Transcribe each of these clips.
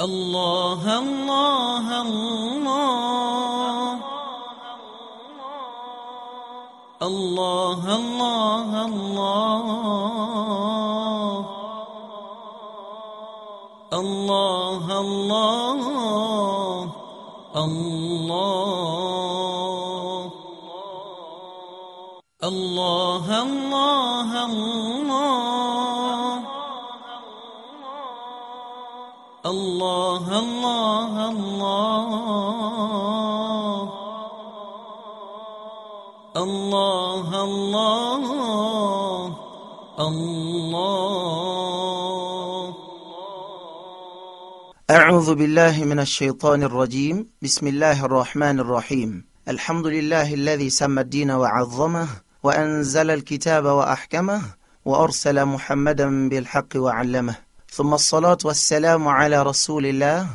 الله الله الله الله أعوذ بالله من الشيطان الرجيم بسم الله الرحمن الرحيم الحمد لله الذي سمى الدين وعظمه وأنزل الكتاب وأحكمه وأرسل محمدا بالحق وعلمه ثم الصلاة والسلام على رسول الله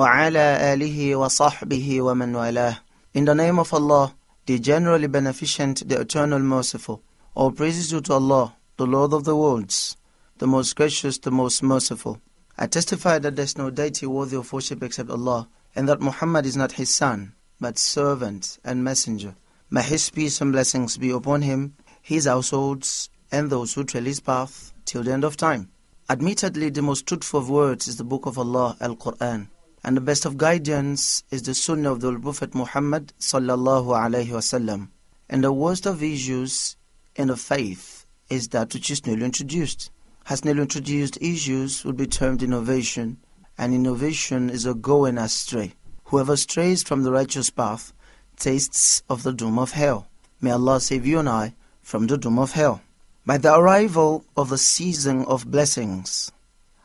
وعلى آله وصحبه ومن والاه In the name of Allah, the generally beneficent, the eternal merciful. All praises due to Allah, the Lord of the worlds, the most gracious, the most merciful. I testify that there is no deity worthy of worship except Allah, and that Muhammad is not his son, but servant and messenger. May his peace and blessings be upon him, his households, and those who trail his path till the end of time. Admittedly, the most truthful of words is the Book of Allah, Al Quran, and the best of guidance is the Sunnah of the Prophet Muhammad sallallahu alaihi wasallam. And the worst of issues in the faith is that which is newly introduced. has newly introduced issues would be termed innovation, and innovation is a going astray. Whoever strays from the righteous path tastes of the doom of hell. May Allah save you and I from the doom of hell. By the arrival of the season of blessings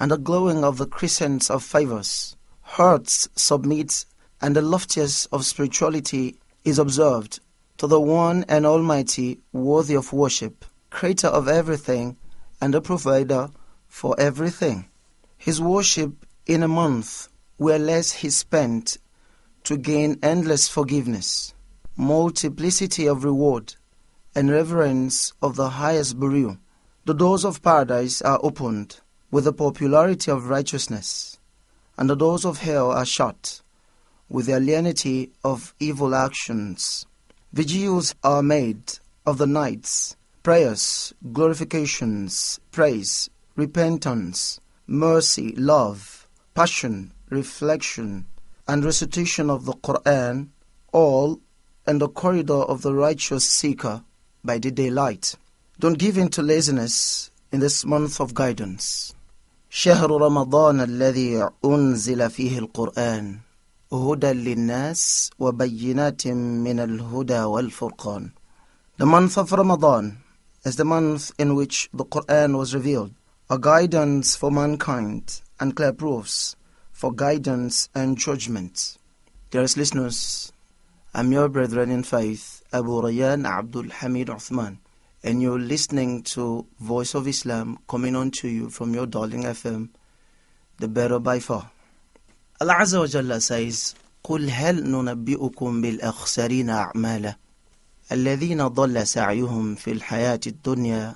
and the glowing of the crescents of favors, hearts submit and the loftiest of spirituality is observed to the one and almighty worthy of worship creator of everything and a provider for everything. His worship in a month, where less he spent to gain endless forgiveness, multiplicity of reward, and reverence of the highest Buriu. The doors of paradise are opened with the popularity of righteousness, and the doors of hell are shut with the alienity of evil actions. Vigils are made of the nights prayers, glorifications, praise, repentance, mercy, love, passion, reflection, and recitation of the Quran, all in the corridor of the righteous seeker by the daylight. Don't give in to laziness in this month of guidance. شهر رمضان الذي أنزل فيه القرآن هدى للناس وبينات من الهدى والفرقان The month of Ramadan as the month in which the Quran was revealed, a guidance for mankind and clear proofs for guidance and judgment. Dearest listeners, I'm your brethren in faith, Abu Rayyan Abdul Hamid Uthman, and you're listening to Voice of Islam coming on to you from your darling FM, the better by far. Allah Azza wa Jalla says, قل هل ننبئكم بالأخسرين أعمالا الذين ضل سعيهم في الحياة الدنيا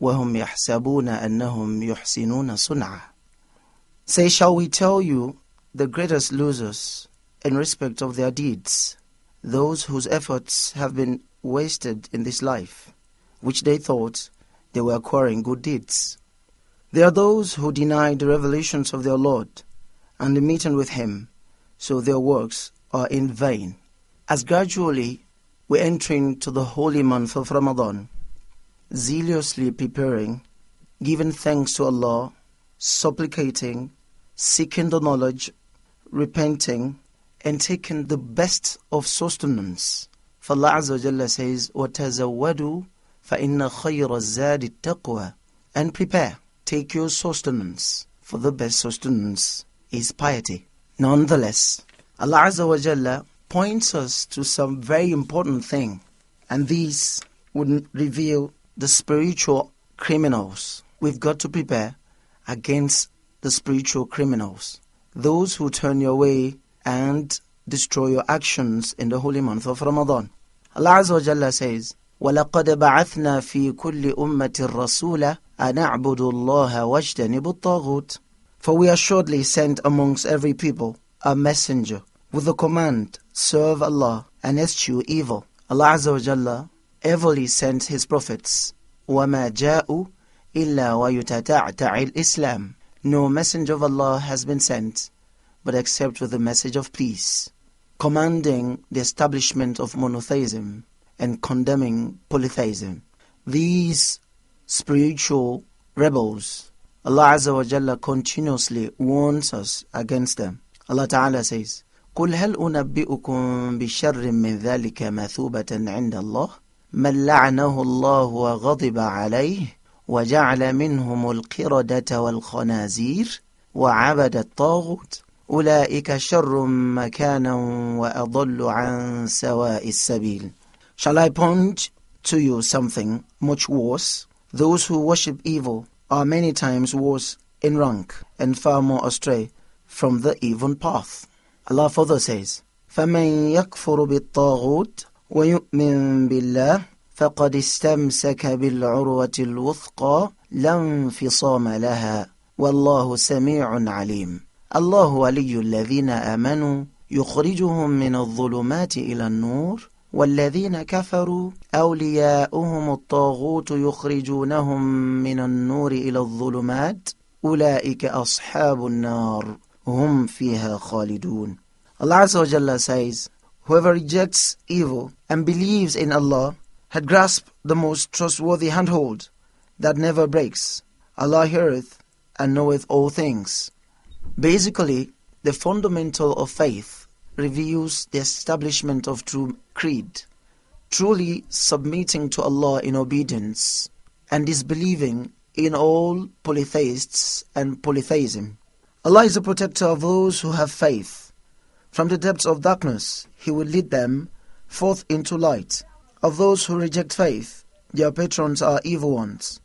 وهم يحسبون أنهم يحسنون صنعا Say, shall we tell you the greatest losers in respect of their deeds, those whose efforts have been wasted in this life, which they thought they were acquiring good deeds? They are those who deny the revelations of their Lord and the meeting with Him, so their works are in vain. As gradually we enter into the holy month of Ramadan, zealously preparing, giving thanks to Allah, supplicating, seeking the knowledge, repenting, and taking the best of sustenance. For Allah Azza wa Jalla says, وَتَزَوَّدُوا فَإِنَّ خَيْرَ الزَّادِ التَّقْوَى And prepare, take your sustenance, for the best sustenance is piety. Nonetheless, Allah Azza wa Jalla points us to some very important thing, and these would reveal the spiritual criminals. We've got to prepare against the spiritual criminals, those who turn your way and destroy your actions in the holy month of Ramadan. Allah Azza wa Jalla says, وَلَقَدْ بَعَثْنَا فِي كُلِّ أُمَّةٍ رَسُولًا أَنْ أَعْبُدُوا اللَّهَ وَاجْتَنِبُوا الطَّاغُوتِ For we are shortly sent amongst every people a messenger with the command, serve Allah and eschew evil. Allah Azza wa Jalla everly sent his prophets, وَمَا جَاءُوا إِلَّا وَيُتَتَعْتَعِ Islam. No messenger of Allah has been sent, but except with the message of peace, commanding the establishment of monotheism and condemning polytheism. These spiritual rebels, Allah Azza wa Jalla continuously warns us against them. Allah Ta'ala says, قل هل أنبئكم بشر من ذلك مثوبة عند الله من لعنه الله وغضب عليه وجعل منهم القردة والخنازير وعبد الطاغوت أولئك شر مكانا وأضل عن سواء السبيل Shall I point to you something much worse? Those who worship evil are many times worse in rank and far more astray from the even path. Allah further says, فَمَنْ يَكْفُرُ بِالطَّاغُوتِ وَيُؤْمِنْ بِاللَّهِ فَقَدْ اسْتَمْسَكَ بِالْعُرْوَةِ الْوُثْقَى لَا انْفِصَامَ لَهَا وَاللَّهُ سَمِيعٌ عَلِيمٌ الله ولي الذين آمنوا يخرجهم من الظلمات إلى النور والذين كفروا أولياؤهم الطاغوت يخرجونهم من النور إلى الظلمات أولئك أصحاب النار hum fiha khalidun. Allah Azza says, Whoever rejects evil and believes in Allah had grasped the most trustworthy handhold that never breaks. Allah heareth and knoweth all things. Basically, the fundamental of faith reveals the establishment of true creed, truly submitting to Allah in obedience and disbelieving in all polytheists and polytheism. Allah is the protector of those who have faith. From the depths of darkness, He will lead them forth into light. Of those who reject faith, their patrons are evil ones.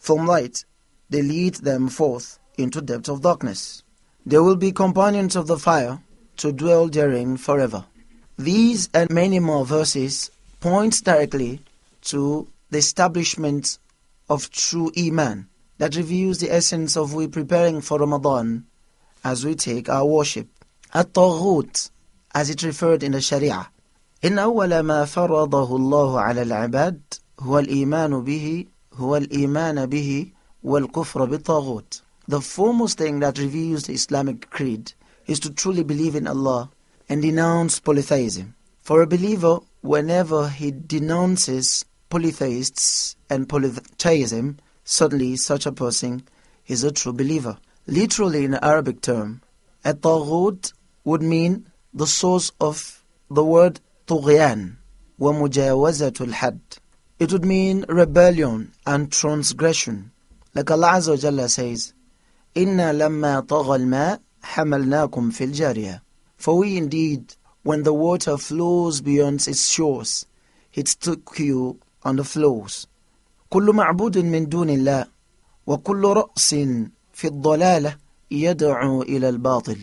From light, they lead them forth into depths of darkness. They will be companions of the fire to dwell therein forever. These and many more verses point directly to the establishment of true Iman that reveals the essence of we preparing for Ramadan as we take our worship. at الطاغوت as it referred in the Sharia. إن أول ما فرضه الله على العباد هو الإيمان به هو الإيمان به والكفر بالطاغوت. The foremost thing that reveals the Islamic creed is to truly believe in Allah and denounce polytheism. For a believer, whenever he denounces polytheists and polytheism, suddenly such a person is a true believer. Literally in Arabic term, الطاغوت would mean the source of the word طغيان ومجاوزة الحد. It would mean rebellion and transgression. Like Allah Azza wa Jalla says, إِنَّا لَمَّا طَغَى الْمَاء حَمَلْنَاكُمْ فِي الْجَارِيَةِ For we indeed, when the water flows beyond its shores, it took you on the flows. كل معبود من دون الله وكل رأس في الضلالة يدعو إلى الباطل.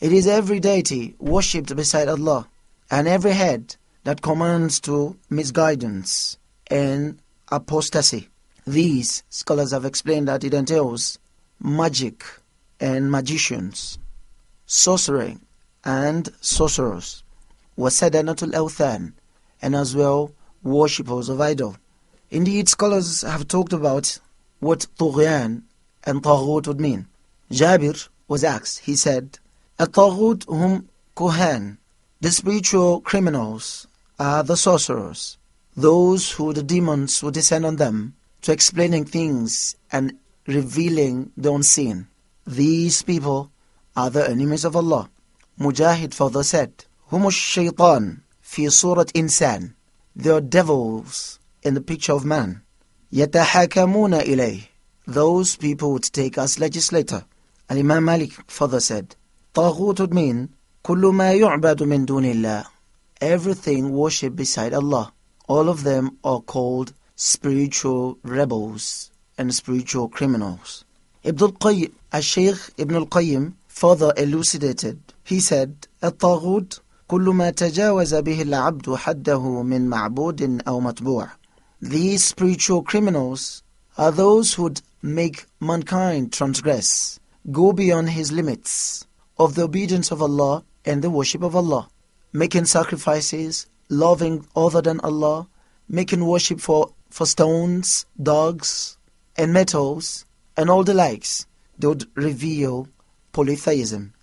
It is every deity worshipped beside Allah and every head that commands to misguidance and apostasy. These scholars have explained that it entails magic and magicians, sorcery and sorcerers, wasadanatul awthan, and as well worshippers of idol. Indeed, scholars have talked about what Tughyan and taghut would mean. Jabir was asked, he said, "A taghut hum Kohan, the spiritual criminals are the sorcerers, those who the demons would descend on them to explaining things and revealing the unseen. These people are the enemies of Allah. Mujahid further said, هم الشيطان fi surat insan? They are devils in the picture of man. يتحاكمون إليه those people would take as legislator. And Imam Malik further said, Taghut would mean, كل ما يعبد من دون الله Everything worshipped beside Allah. All of them are called spiritual rebels and spiritual criminals. Ibn al-Qayyim, al-Shaykh Ibn al-Qayyim further elucidated. He said, الطاغوت كل ما تجاوز به العبد حده من معبود أو متبوع. These spiritual criminals are those who would make mankind transgress, go beyond his limits of the obedience of Allah and the worship of Allah, making sacrifices, loving other than Allah, making worship for, for stones, dogs, and metals, and all the likes, they would reveal polytheism.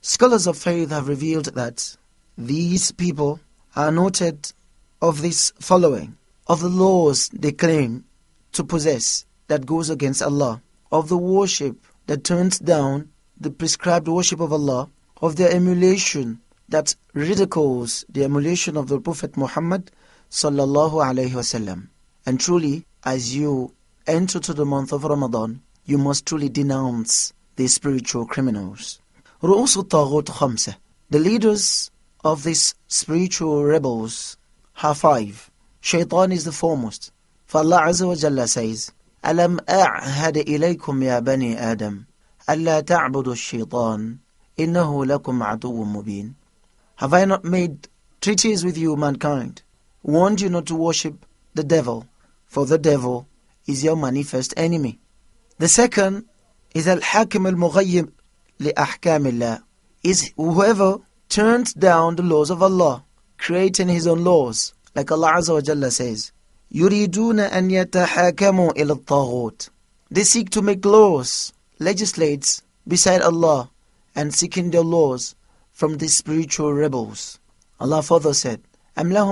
Scholars of faith have revealed that these people are noted of this following of the laws they claim to possess that goes against Allah, of the worship that turns down the prescribed worship of Allah, of their emulation that ridicules the emulation of the Prophet Muhammad sallallahu alaihi wasallam. And truly, as you enter to the month of Ramadan, you must truly denounce these spiritual criminals. رؤوس الطاغوت خمسة The leaders of these spiritual rebels have five. Shaitan is the foremost. For Allah Azza wa Jalla says, ألم أعهد إليكم يا بني آدم ألا تعبدوا الشيطان إنه لكم عدو مبين Have I not made treaties with you, mankind? Warned you not to worship the devil, for the devil is your manifest enemy. The second is Al-Hakim al لأحكام الله is whoever turns down the laws of Allah, creating his own laws, like Allah Azza wa Jalla says, yuriduna an yatahakamu ila taghut. They seek to make laws, legislates beside Allah and seeking their laws from the spiritual rebels. Allah further said, Do they have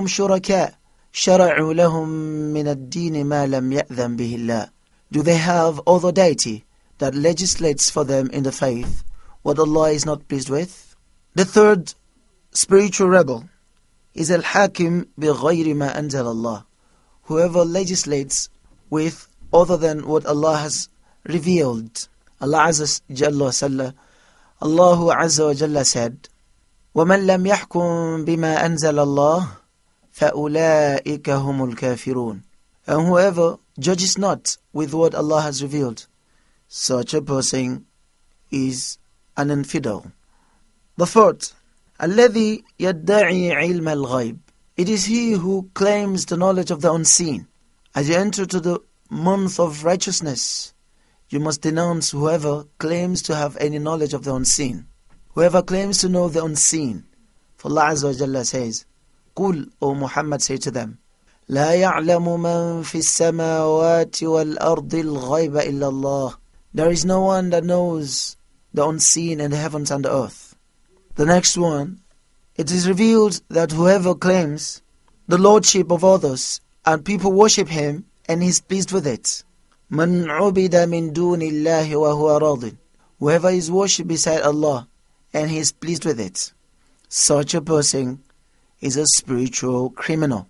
other deity that legislates for them in the faith what Allah is not pleased with? The third spiritual rebel is Al-Hakim بِغَيْرِ ma أَنزَلَ Allah whoever legislates with other than what Allah has revealed. Allah Azza Jalla Allahu Azza wa Jalla said, وَمَنْ لَمْ يَحْكُمْ بِمَا أَنزَلَ اللَّهِ فَأُولَٰئِكَ هُمُ الْكَافِرُونَ And whoever judges not with what Allah has revealed, such a person is an infidel. The fourth, الذي يدعي علم الغيب it is he who claims the knowledge of the unseen. As you enter to the month of righteousness, you must denounce whoever claims to have any knowledge of the unseen. Whoever claims to know the unseen. For Allah Azza wa Jalla says, قُلْ O Muhammad, say to them, لا يعلم من في السماوات والأرض الغيب إلا الله. There is no one that knows the unseen in the heavens and the earth. The next one, it is revealed that whoever claims the lordship of others and people worship him and he is pleased with it. من عبد من دون الله وهو راض Whoever is worshipped beside Allah and he is pleased with it, such a person is a spiritual criminal.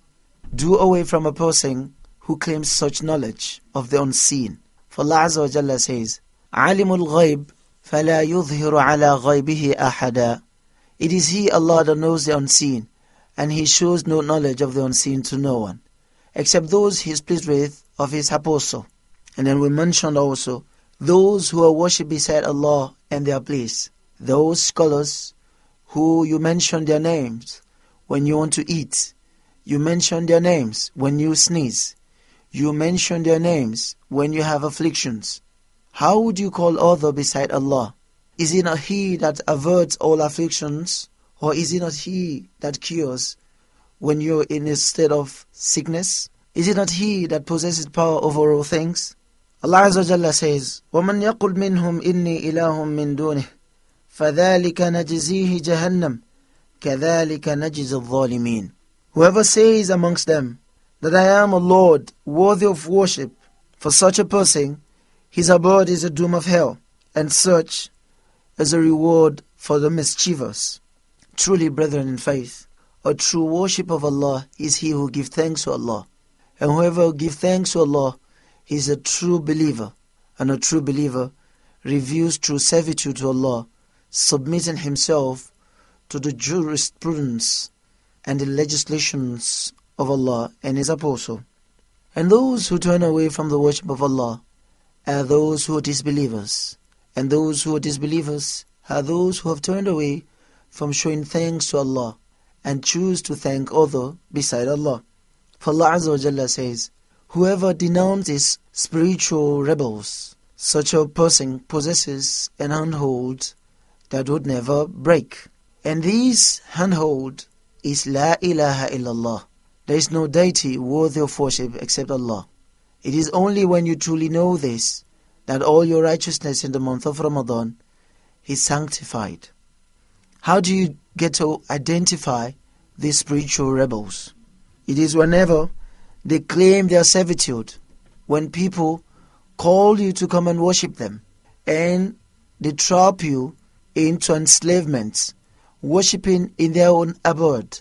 Do away from a person who claims such knowledge of the unseen. For Allah Azza wa Jalla says, عَلِمُ الْغَيْبِ فَلَا يُظْهِرُ عَلَى غَيْبِهِ أَحَدًا it is He, Allah, that knows the unseen, and He shows no knowledge of the unseen to no one, except those He is pleased with of His apostle. And then we mentioned also those who are worshipped beside Allah and their place. those scholars who you mention their names when you want to eat, you mention their names when you sneeze, you mention their names when you have afflictions. How would you call other beside Allah? Is it not He that averts all afflictions? Or is it not He that cures when you're in a state of sickness? Is it not He that possesses power over all things? Allah Azza Jalla says, وَمَنْ يَقُلْ مِنْهُمْ إِنِّي إِلَهٌ مِنْ دُونِهِ فَذَلِكَ نَجْزِيهِ جَهَنَّمْ كَذَلِكَ نَجْزِ الظَّالِمِينَ Whoever says amongst them that I am a Lord worthy of worship, for such a person, his abode is the doom of hell, and such as a reward for the mischievous. Truly, brethren in faith, a true worship of Allah is he who gives thanks to Allah. And whoever gives thanks to Allah, he is a true believer. And a true believer reveals true servitude to Allah, submitting himself to the jurisprudence and the legislations of Allah and His Apostle. And those who turn away from the worship of Allah are those who are disbelievers. And those who are disbelievers are those who have turned away from showing thanks to Allah and choose to thank other beside Allah. For Allah Azza wa Jalla says, Whoever denounces spiritual rebels, such a person possesses an handhold that would never break. And this handhold is La ilaha illallah. There is no deity worthy of worship except Allah. It is only when you truly know this that all your righteousness in the month of Ramadan is sanctified. How do you get to identify these spiritual rebels? It is whenever they claim their servitude, when people call you to come and worship them, and they trap you into enslavement, worshipping in their own abode,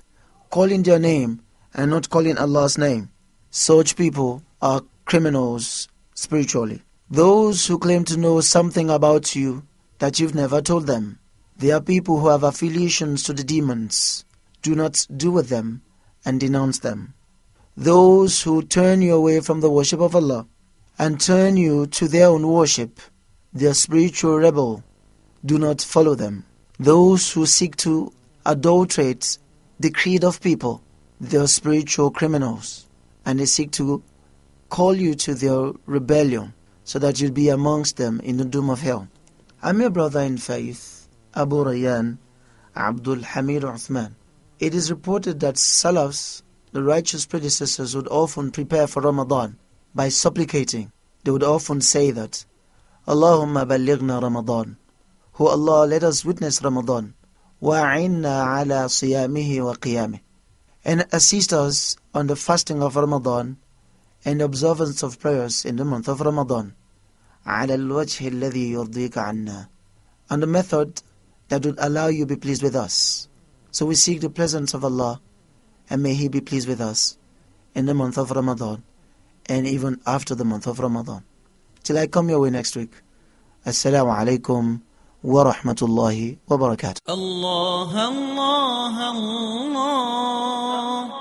calling their name and not calling Allah's name. Such people are criminals spiritually. Those who claim to know something about you that you've never told them. They are people who have affiliations to the demons. Do not do with them and denounce them. Those who turn you away from the worship of Allah and turn you to their own worship, their spiritual rebel, do not follow them. Those who seek to adulterate the creed of people, they are spiritual criminals, and they seek to call you to their rebellion so that you'll be amongst them in the doom of hell. I'm your brother in faith, Abu Rayyan Abdul Hamid Uthman. It is reported that Salafs, the righteous predecessors, would often prepare for Ramadan by supplicating. They would often say that, Allahumma balighna Ramadan. Who Allah, let us witness Ramadan. ala siyamihi wa وَقِيَامِهِ And assist us on the fasting of Ramadan and observance of prayers in the month of Ramadan على الوجه الذي يرضيك عنا on the method that would allow you to be pleased with us. So we seek the presence of Allah and may He be pleased with us in the month of Ramadan and even after the month of Ramadan. Till I come your way next week. Assalamu alaikum wa rahmatullahi wa barakatuh. Allah, Allah, Allah.